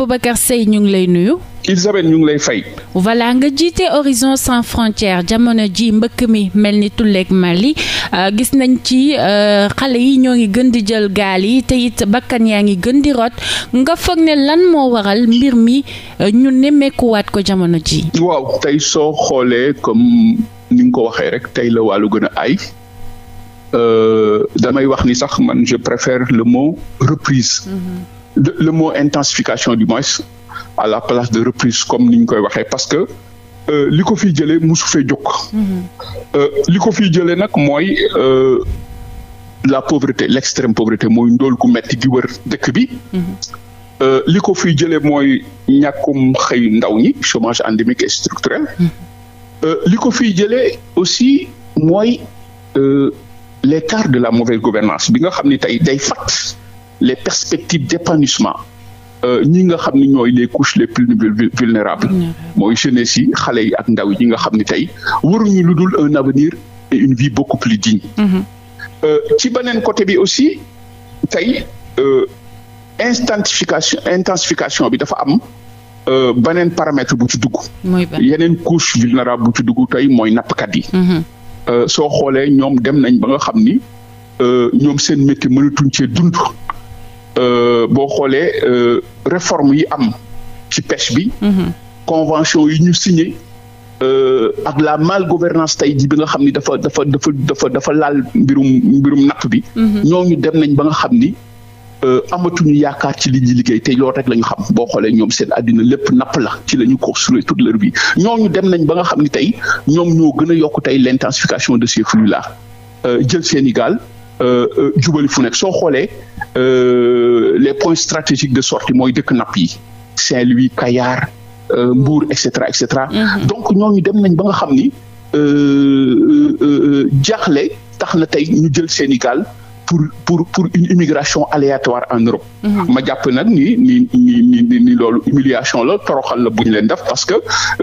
Boubacar Seye ñu ngi lay nuyu. Elisabeth ñu ngi lay fay. voilà nga jiite Horizon sans frontières jamono ji mbëkk mi mel ni tulleeg Mali euh, gis nañ ci euh, xale yi ñoo ngi gën di jël gaal yi te it bakkan yaa ngi gën di rot nga foog ne lan moo waral mbir mi euh, ñu nemmeekuwaat ko jamono ji waaw tey soo xoolee comme ni ko waxee rek tey la wàllu gën a ay damay wax ni sax man je préfère le mot reprise. Mm-hmm. le, le mot intensification du moins à la place de reprise comme ni ñu koy waxee parce que euh, li ko fiy jëlee musu fee jóg. Mm-hmm. Euh, li ko fiy jëlee nag mooy euh, la pauvreté l'extrême pauvreté mooy ndóol gu metti gi wër dëkk bi. Mm-hmm. li ko fiy jëlee mooy ñàkkum xëy ndaw ñi chômage endémique et structurel. Mm-hmm. li ko fiy jëlee aussi mooy l'écart de la mauvaise gouvernance bi nga xam ni tey day fat les perspectives d'épanouissement euh, ñi nga xam ni ñooy les couches les plus vulnérables mooy jeunesse yi xale yi ak ndaw ñi nga xam ni tey waruñu lu dul un avenir et une vie beaucoup plus digne mm-hmm. euh, ci beneen côté bi aussi tey euh, instantification intensification bi dafa am beneen paramètre bu ci dugg yeneen couche vulnérable bu ci dugg tey mooy nappkat yi mm-hmm. soo xoolee ñoom dem nañ ba nga xam ni ñoom seen métier mënatuñ cee dund Euh, boo xoolee euh, réforme yi am ci pêche bi. Mhm. convention yi ñu signé. Euh, ak la mal gouvernance tey ji bi nga xam ni dafa dafa dafa dafa dafa laal mbirum mbirum napp bi. Mhm. ñooñu dem nañ ba nga xam ni amatuñu yaakaar ci li ñuy liggéey te loolu rek la ñu xam boo xoolee ñoom seen àddina lépp napp la ci la ñu construire toute leur vie ñooñu dem nañ ba nga xam ni tey ñoom ñoo gën a yokk tey l' de ces flux là jël Sénégal Euh, euh, jubali fu nekk soo xoolee euh, les points stratégiques de sortie mooy dëkk napp yi Saint-Louis Kayar Mbour et cetera et cetera. Mm-hmm. Mm-hmm. donc ñooñu dem nañ ba nga xam ni jaaxle tax na tey ñu jël Sénégal. pour pour pour une immigration aléatoire en Europe. Mm-hmm. ma jàpp nag ni ni ni ni ni loolu humiliation la toroxal la bu ñu leen def parce que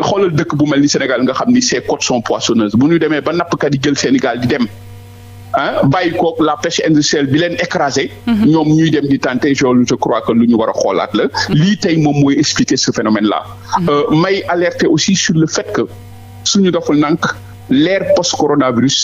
xoolal dëkk bu mel ni Sénégal nga xam ni ses côtes sont poissonneuses bu ñu demee ba nappkat yi jël Sénégal di dem ah bàyyi koog la pêche industrielle bi leen écrasé. ñoom ñuy dem di tenter loolu je crois que lu ñu war a xoolaat la. lii tey moom mooy expliquer ce phénomène là. Euh, may alerter aussi sur le fait que suñu doful nank l'ère post coronavirus.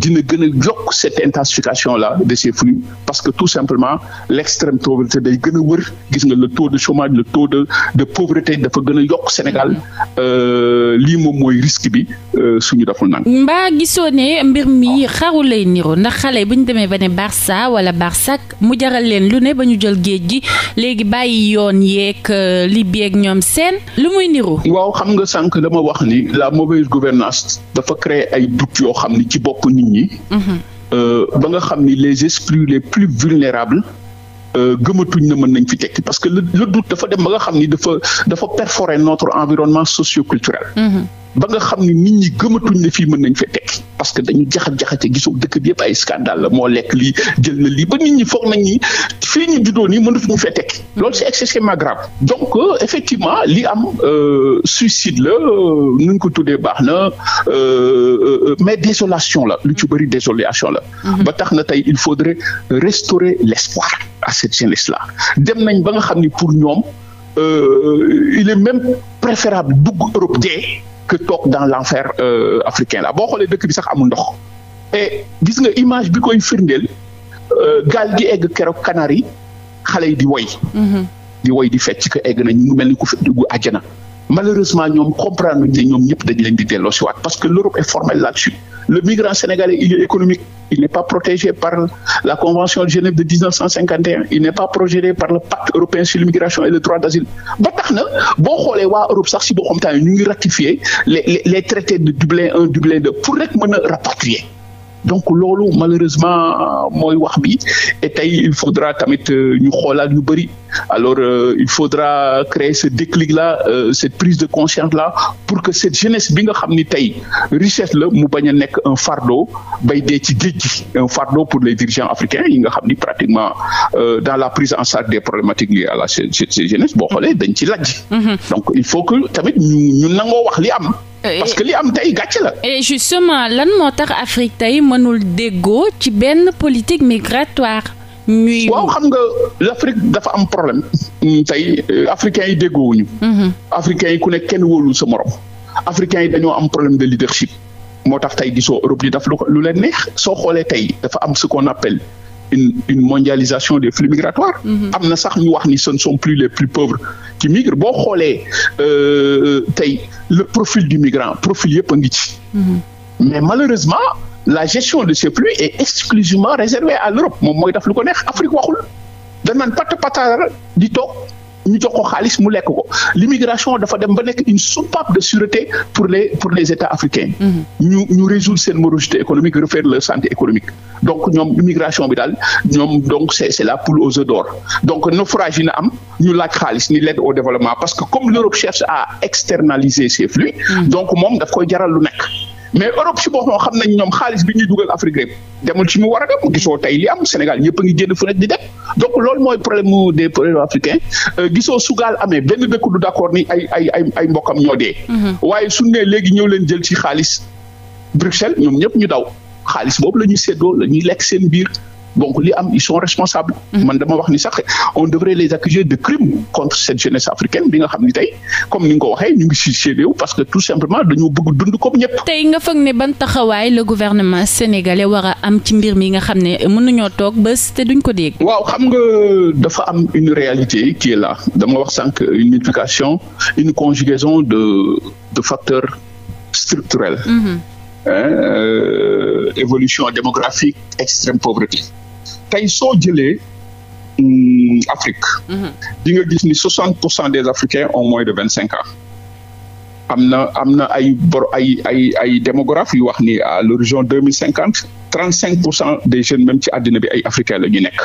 dina gën a yokk cette intensification là de ces flux parce que tout simplement l'extrême pauvreté day gën a wër nga le taux de chômage le taux de de pauvreté dafa gën a yokk Sénégal euh, lii moom mooy risque bi euh, suñu deful naan. mbaa gisoo ne mbir mi xaru lay niro ndax xale bu ñu demee ba ne Barça wala Barsak mu jaral leen lu ne ba ñu jël géej gi léegi bàyyi yoon yeeg euh, li beeg ñoom seen lu muy niro. waaw xam nga sànq dama wax ni la mauvaise gouvernance dafa créer ay doute yoo xam ni ci bopp nit ñi. Mhm. Euh, ba nga xam ni les esprits les plus vulnérables. Euh, gëmatuñ na mën nañ fi tekki parce que le le doute dafa dem ba nga xam ni dafa dafa perforer notre environnement socioculturel. Mhm. ba nga xam ni nit ñi gëmatuñ ne fii mën nañ fa tekki parce que dañu jaxat jaxate gisoo dëkk bi yëpp ay scandale la moo lekk lii jël na lii ba nit ñi foog nañ ni fii ñu juddoo nii mënatu ñu fee tekki loolu c'est excessivement grave donc euh, effectivement li am euh, suicide la euh, nu ko tuddee baax na mais désolation la lu ci bëri désolation la mhm. ba tax na tey il faudrait restaurer l'espoir à cette jeunesse là dem nañ ba nga xam ni pour ñoom il est même préférable dugg Europe dee que toog dans l'enfer africain la boo xoolee dëkk bi sax amul ndox et gis nga image bi koy firndeel Euh, gaal gi egg keroog Canaries xale yi di woy mhm. di woy di fecc ko egg na ñu ngi mel ni ku fi dugg àjjana malheureusement ñoom comprendre nañ ne ñoom ñëpp dañ leen di delloo si waat parce que l'Europe est formelle là-dessus le migrant sénégalais il il n'est pas protégé par la convention de Genève de 1951 il n'est pas protégé par le pacte européen sur l'immigration et le droit d'asile ba tax na boo xoolee waa Europe sax si boo xam tamit ñu ngi ratifier les les traités de Dublin 1 Dublin donc loolu malheureusement euh, mooy wax bi et tey il faudra tamit euh, ñu xoolaat yu bëri Alors, euh, il faudra créer ce déclic-là, euh, cette prise de conscience la pour que cette jeunesse bi nga xam ni tey richesse la mu bañ a nekk un fardeau bay dee ci géej gi un fardeau pour les dirigeants africains yi nga xam ni pratiquement euh, dans la prise en charge des problématiques liées à la jeunesse boo xoolee dañ ci lajj. Mm-hmm. donc il faut que tamit ñu nangoo wax li am. parce que li am tey gàcce la. justement lan moo tax Afrique tey mënul déggoo ci benn politique ñuy waaw xam nga l'Afrique dafa am problème mm, tey euh, africains yi déggoowuñu mhm. africains yi ku nekk kenn wóolul sa morom africains yi dañoo am problème de leadership moo tax tey gisoo Europe di daf lu leen neex soo xoolee tey dafa am ce qu'on appelle une mondialisation des flux migratoires mhm. am na sax ñu wax ni ce ne sont plus les plus pauvres qui migrent boo xoolee euh, tey le profil du migrant profil yëpp a ngi ci mhm. mais malheureusement la gestion de ces flux est exclusivement réservée à l'Europe moom mooy daf lu ko neex Afrique waxul dañ naan patt patara di toog ñu jox ko xaalis mu lekk ko l'immigration dafa dem ba nekk une soupape de sûreté pour les pour les états africains mm-hmm. ñu ñu résoudre seen morosité économique refaire leur santé économique donc ñoom immigration bi daal ñoom donc c'est c'est la poule aux œufs d'or donc naufrage yi na am ñu laaj xaalis ni l'aide au développement parce que comme l'Europe cherche à mais Europe si boppam xam nañ ñoom xaalis bi ñuy dugal Afrique rek demul ci mu war a dem gisoo tey li am Sénégal ñëpp a ngi génn fu nekk di dem donc loolu mooy problème mu des problèmes euh, gisoo sugaal gaal amee benn dëkk du d'accord ni ay ay ay ay mbokkam ñoo dee. Mhm. waaye suñu nee léegi ñëw leen jël ci xaalis Bruxelles ñoom ñëpp ñu daw xaalis boobu la ñuy séddoo la ñuy lekk seen biir. donc li am ils sont responsables. Mm-hmm. man dama wax ni sax on devrait les accuser de crime contre cette jeunesse africaine bi nga xam ni tey comme ni nga ko waxee ñu ngi si seen réew parce que tout simplement dañoo bëgg dund comme ñëpp. tey nga foog ne ban taxawaay le gouvernement sénégalais war a am ci mbir mi nga xam ne mënuñoo toog bés te duñ ko dégg. waaw xam nga dafa am une réalité ki est là dama wax sànq une multiplication une conjugaison de de facteurs structurels. Mm-hmm. Hein, euh, évolution démographique extrême pauvreté tey soo jëlee hmm, Afrique. Mhm. di nga gis ni 60 pour cent des Africains ont moins de 25 ans. am na am na ay bor ay ay ay démographe yu wax ni à l'horizon 2050 35 pour cent des jeunes même ci addina bi ay Africains la ñu nekk.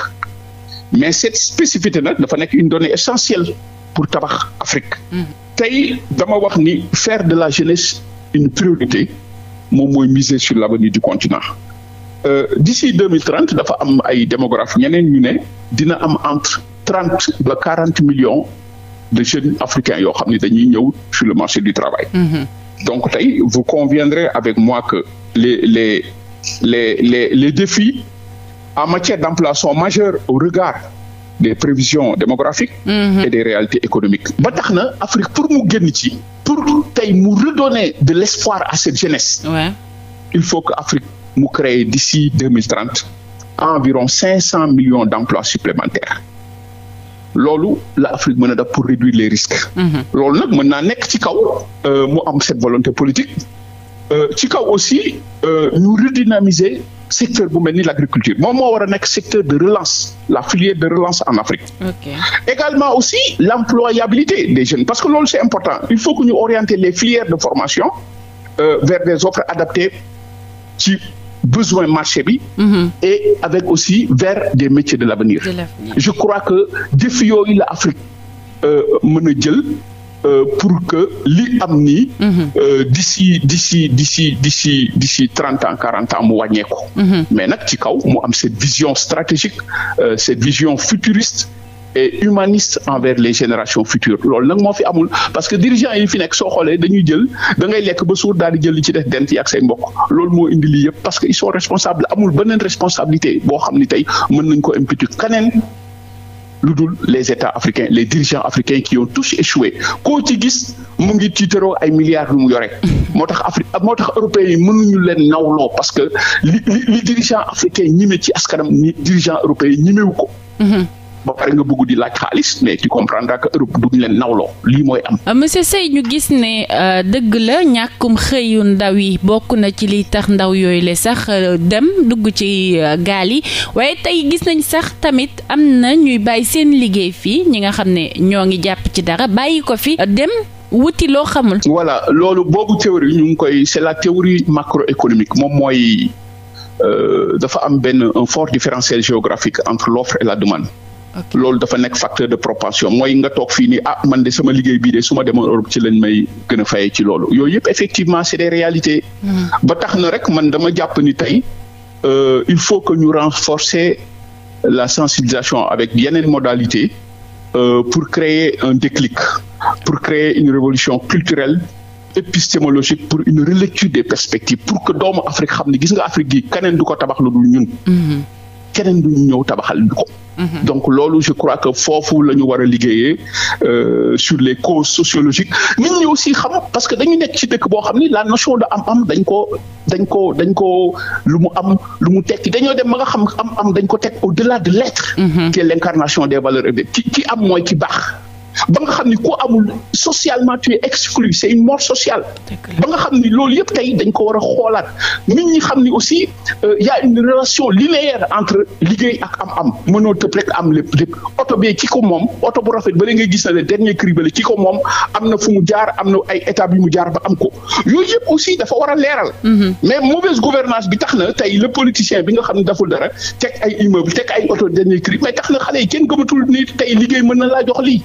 mais cette spécificité nag dafa nekk une donnée essentielle pour tabax Afrique. Mhm. tey dama wax ni faire de la jeunesse une priorité moom mooy miser sur l'avenir du continent. Euh, d'ici deux mille trente dafa am ay démographe ñeneen ñu ne dina am entre trente ba quarante millions de jeunes africains yoo xam ne dañuy ñëw sur le marché du travail. Mhm. donc tey vous conviendrez avec moi que les les les les les défis en matière d'emploi sont majeurs au regard des prévisions démographiques. Mhm. et des réalités économiques. ba tax na Afrique pour mu génn ci. pour tey mu redonner de l'espoir à cette jeunesse. Ouais. il faut que Afrique. mu créer d'ici deux mille trente environ cinq cent millions d'emplois supplémentaires loolu la Afrique mën a def pour réduire les risques. Mhm. loolu nag mën naa nekk ci kaw euh, mu am cette volonté politique euh, ci kaw aussi euh, ñu redynamiser secteur bu mel ni l'agriculture moom moo war a nekk secteur de relance la filière de relance en Afrique. Okay. également aussi l'employabilité des jeunes parce que loolu c'est important il faut que ñu orienter les filières de formation euh, vers des offres besoin marché bi. Mm-hmm. et avec aussi vers des métiers de l'avenir je crois que défi yooyu la Afrique euh, mën a jël. Euh, pour que li am ni Mm -hmm. euh, d'ici d'ici d'ici d'ici d'ici trente ans quarante ans mu wàññeeku. Mm-hmm. mais nag ci kaw mu am cette vision stratégique euh, cette vision futuriste. et humaniste envers les générations futures loolu nag moo fi amul parce que dirigeants yi fi nekk soo xoolee dañuy jël da lekk ba suur daal di jël li ci def denti yi ak say mbokk loolu moo indi yëpp parce que ils sont responsables amul beneen responsabilité boo xam ni tey mën nañ ko imputer keneen lu dul les état africain les dirigeants africains qui ont tous échoué koo ci gis mu ngi tiitaroo ay milliards lu mu yore moo tax Afrique moo tax européens yi mënuñu leen nawloo parce que li li dirigeant africain ñime ci askanam ni dirigeant européen ñimewu ko. Mm-hmm. ba pare nga bëgg di laaj xaalis mais tu comprendras que Europe duñ leen nawloo lii mooy am. Euh, monsieur Seye ñu gis ne euh, dëgg la ñàkkum xëyu ndaw yi bokk na ci liy tax ndaw yooyu le sax euh, dem dugg ci gaal yi waaye tey gis nañ sax tamit am na ñuy bàyyi seen liggéey fii ñi nga xam ne ñoo ngi jàpp ci dara bàyyi ko fi dem. wuti loo xamul. voilà loolu boobu théorie ñu ngi koy c'est la théorie macroéconomique moom mooy dafa am benn un fort différentiel géographique entre l'offre et loolu dafa nekk facteur de propension mooy nga toog fii nii ah man de sama liggéey bii de su Europe ci lañ may gën a fayee ci loolu yooyu yëpp effectivement c'est des réalités. Hmm. ba tax na rek man dama jàpp ni tey euh, il faut que ñu renforcer la sensibilisation avec yeneen modalités euh, pour créer un déclic pour créer une révolution culturelle épistémologique pour une relecture des perspectives pour que doomu Afrique xam ne gis nga Afrique gi keneen du ko tabax lu dul hmm. ñëw tabaxal Mm-hmm. donc loolu je crois que foofu la ñu war a liggéeyee euh, sur les causes sociologiques nit ñi aussi xam parce que dañu nekk ci dëkk boo xam ni la notion de am-am dañ ko dañ ko dañ ko lu mu am lu mu tekki dañoo dem ba nga xam am-am dañ ko teg au-delà de l'être mm-hmm. qui l'incarnation des valeurs et des ki ki am mooy ki baax. ba nga xam ni ku amul socialement tu es exclu c'est une mort sociale ba nga xam ni loolu yëpp tey dañ ko war a xoolaat nit ñi xam ni aussi euh, y a une relation linéaire entre liggéey ak am-am mënoo tëb rek am lépp lépp oto bee ki ko moom oto bu rafet ba la ngay gis na le dernier cri bale ki ko moom am na fu mu jaar am na ay étapes yu mu jaar ba am ko yooyu yëpp aussi dafa war a leeral mm-hmm. mais mauvaise gouvernance bi tax na tey le politicien bi nga xam ne daful dara teg ay immeuble teg ay oto dernier cri mais tax xale yi kenn gëmatul tey liggéey mën na laa jox lii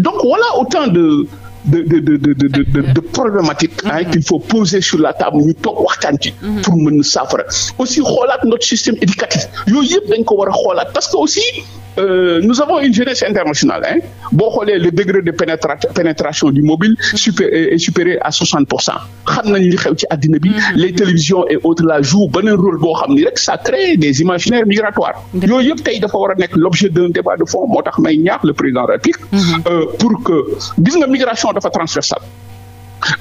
donc voilà autant de de de de de de mm-hmm. qu'il faut poser sur la table ñu toog waxtaan ci. Mm-hmm. pour mën a saafara aussi xoolaat notre système éducatif yooyu yëpp dañ ko war a xoolaat parce que aussi. euh, nous avons une jeunesse internationale hein boo xoolee le degré de pénétra pénétration du mobile super est supérieur à 60 pour cent xam nañ li xew bi mm-hmm. les télévisions et autres là jouent beneen rôle boo xam ni rek ça crée des imaginaires migratoires yooyu yëpp tey dafa war a nekk l'objet d'un débat de fond moo tax may ñaax le président de la République mm-hmm. euh, pour que gis nga migration dafa transversale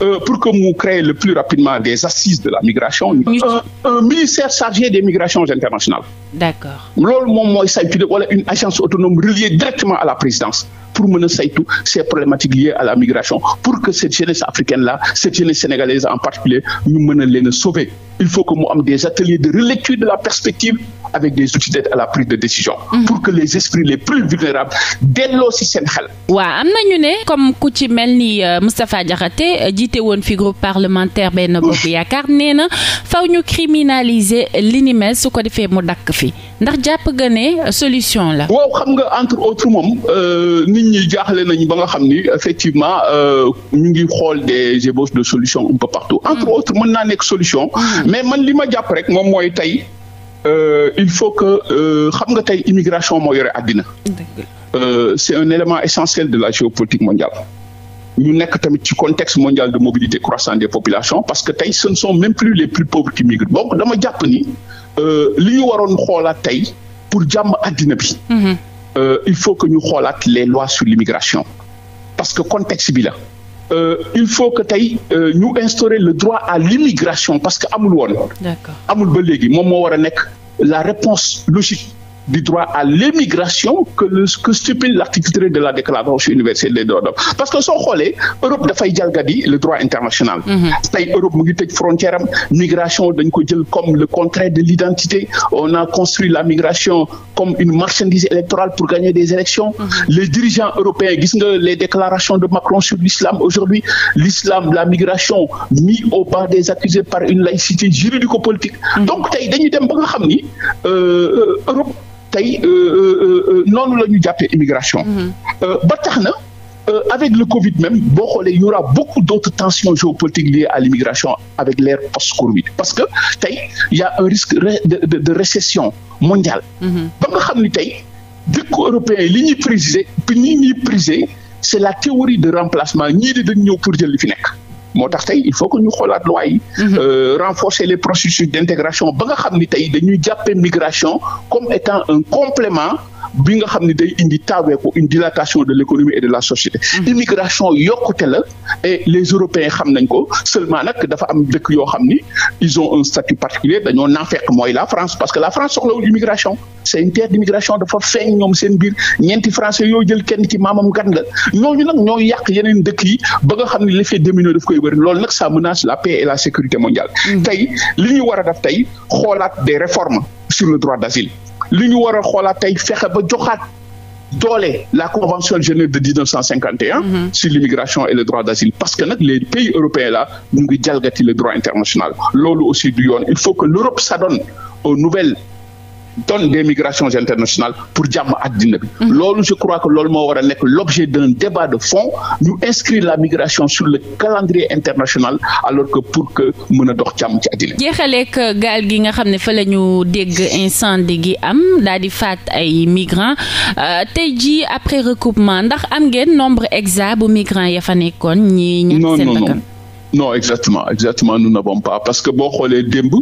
euh, pour que mu crée le plus rapidement des assises de la migration. un, un ministère chargé des migrations internationales. d'accord loolu moom mooy saytu de wala une agence autonome reliée directement à la présidence pour mën a saytu ces problématiques liées à la migration pour que cette jeunesse africaine là cette jeunesse sénégalaise en particulier ñu mën a leen a sauver il faut que mu am des ateliers de relecture de la perspective. avec des outils d'aide à la prise de décision. Mm -hmm. pour que les esprits les plus vulnérables delloo si seen xel. waaw am na ñu ne comme ku ci mel ni euh, Moustapha Diakhaté euh, jiite woon fi groupe parlementaire Benno Bokk Yaakaar nee na faw ñu criminaliser li ni mel su ko defee mu dakk fi ndax jàpp nga ne euh, solution la. waaw xam nga entre autres moom nit ñi jaaxle nañu ba nga xam ni effectivement ñu ngi xool des ébauches de solution un peu entre mm. autres mën naa nekk solution. Mm. mais man li ma jàpp rek moom mooy tey. Euh, il faut que euh, xam nga tey immigration moo yore àddina. Euh, c'est un élément essentiel de la géopolitique mondiale. ñu nekk tamit ci contexte mondial de mobilité croissante des populations parce que tey ce ne sont même plus les plus pauvres qui migrent donc dama jàpp ni li ñu waroon xoolaat tey pour jàmm addina bi. Mhm. il faut que ñu xoolaat les lois sur l'immigration parce que contexte bi la. Euh, il faut que tey euh, ñu instaurer le droit à l'immigration parce que amul woon. amul ba léegi moom moo war a nekk la réponse logique. du droit à l'émigration que le que de la déclaration universelle de l'homme parce que soo xoolee Europe dafay jalgati le droit international. Mhm. tey Europe mu le contraire de l'identité on a construit la migration comme une marchandise électorale pour gagner des élections mhm. les dirigeants européens gis nga les déclarations de Macron sur l'islam aujourd'hui l'islam la migration mis au banc des accusés par une laïcité juridico-politique mhm. donc tey dañuy tey euh, euh, euh, noonu la ñu jàppee immigration. Mhm. ba tax na avec le Covid même boo xoolee y aura beaucoup d' autres tensions géopolitiques liées à l'immigration avec l'ère post-Covid parce que tey y a un risque de de, de récession mondiale. Mhm. ba nga xam ni tey dëkku européen li ñuy préciser bi ñuy préciser c'est la théorie de remplacement ñii di dañ ñëw pour jël li fi nekk. moo tax tey il faut que ñu xoolaat loi yi mhm. euh, renforcer les processus d'intégration ba nga xam ni tey dañuy jàppee migration comme étant un complément bii nga xam ne day indi taaweeku une dilatation de l'économie et de la société mm-hmm. immigration yokkute la et les européens xam nañ ko seulement nag dafa am dëkk yoo xam ni ils ont un statut particulier dañoo naafeq mooy la France parce que la France soxlawul immigration c'est une terre d'immigration dafa feeñ ñoom seen biir ñeenti français yoo jël kenn ci maamam gan la ñooñu nag ñoo yàq yeneen dëkk yi ba nga xam ne l'effet domino daf koy bëri loolu nag ça menace la paix et la sécurité mondiale mm-hmm. tey li ñu war a def tey xoolaat des réformes sur le droit d'asile li ñu war a xoolaat tey fexe ba joxaat doole la convention Genève de 1951 mm sur l'immigration et le droit d'asile parce que nag les pays européens là ñu le droit international loolu aussi du yoon il faut que l'Europe s'adonne aux nouvelles donne des migrations internationales pour jàmm àddina bi loolu je crois que loolu moo war a nekk l'objet d'un débat de fond ñu inscrire la migration sur le calendrier international alors que pour que mën a dox jàmm ci àddina jeexaleek euh, gaal gi nga xam ne fa la ñu dégg incendie gi am daal di faat ay migrants euh, tey jii après recoupement ndax am ngeen nombre exact bu migrants ya fa nekkoon ñi ñàkk seen non exactement exactement nous n'avons pas parce que boo xoolee démb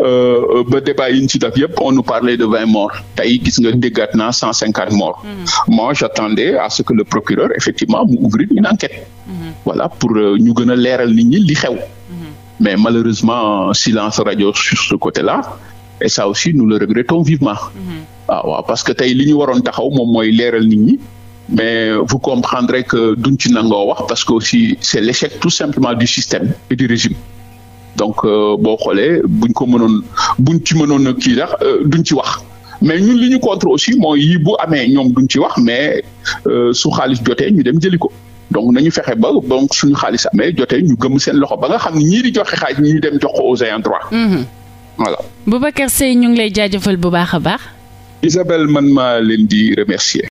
euh, euh, ba débat yi ñu ci def yëpp on nous parlait de vingt morts tey gis nga déggaat na cent cinquante morts. Mm-hmm. moi j'attendais à ce que le procureur effectivement mu ouvrir une enquête. Mm-hmm. voilà pour euh, ñu gën a leeral nit ñi li xew. Mm-hmm. mais malheureusement silence radio sur ce côté-là et ça aussi nous le regrettons vivement. waaw ah, waaw parce que tey li ñu waroon taxaw moom mooy leeral nit ñi. mais vous comprendrez que duñ ci nangoo wax parce que aussi c'est l'échec tout simplement du système et du régime donc euh, boo xoolee buñ ko mënoon buñ ci mënoon a kii sax euh, duñ ci wax mais ñun li ñu contre aussi mooy yi bu amee ñoom duñ ci wax mais euh, su xaalis jotee ñu dem jëli ko donc nañu fexe ba donc suñu xaalis amee jotee ñu gëm seen loxo ba nga xam ñii di joxe xaalis ñu dem jox ko aux ayants droit. Mm-hmm. voilà. Boubacar Seye ñu ngi lay jaajëfal bu baax a baax. Isabelle man maa leen di remercier.